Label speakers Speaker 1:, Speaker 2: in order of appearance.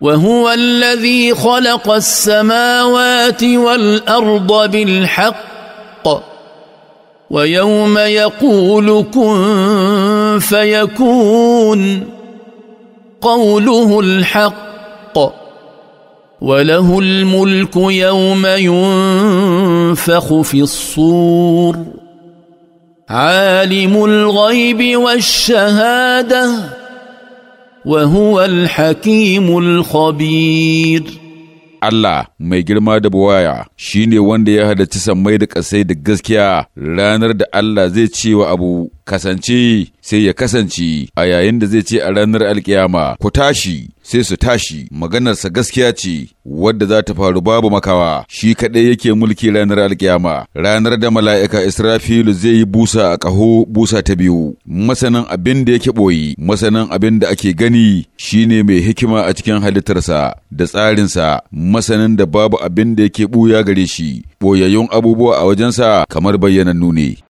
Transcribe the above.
Speaker 1: وهو الذي خلق السماوات والارض بالحق ويوم يقول كن فيكون قوله الحق وله الملك يوم ينفخ في الصور عالم الغيب والشهاده
Speaker 2: وهو الحكيم الخبير Allah mai girma da buwaya shi ne wanda ya halarci sammai da ƙasai da gaskiya ranar da Allah zai ce wa abu kasance sai ya kasance a yayin da zai ce a ranar alkiyama ku tashi sai su tashi maganarsa gaskiya ce wadda za ta faru babu makawa shi kaɗai yake mulki ranar alkiyama ranar da mala'ika israfilu zai yi busa a ƙaho busa ta biyu masanin abin da yake ɓoyi masanin abin da ake gani shine mai hikima a cikin halittarsa da tsarinsa masanin da babu abin da yake ɓuya gare shi ɓoyayyun abubuwa a wajensa kamar bayyanannu ne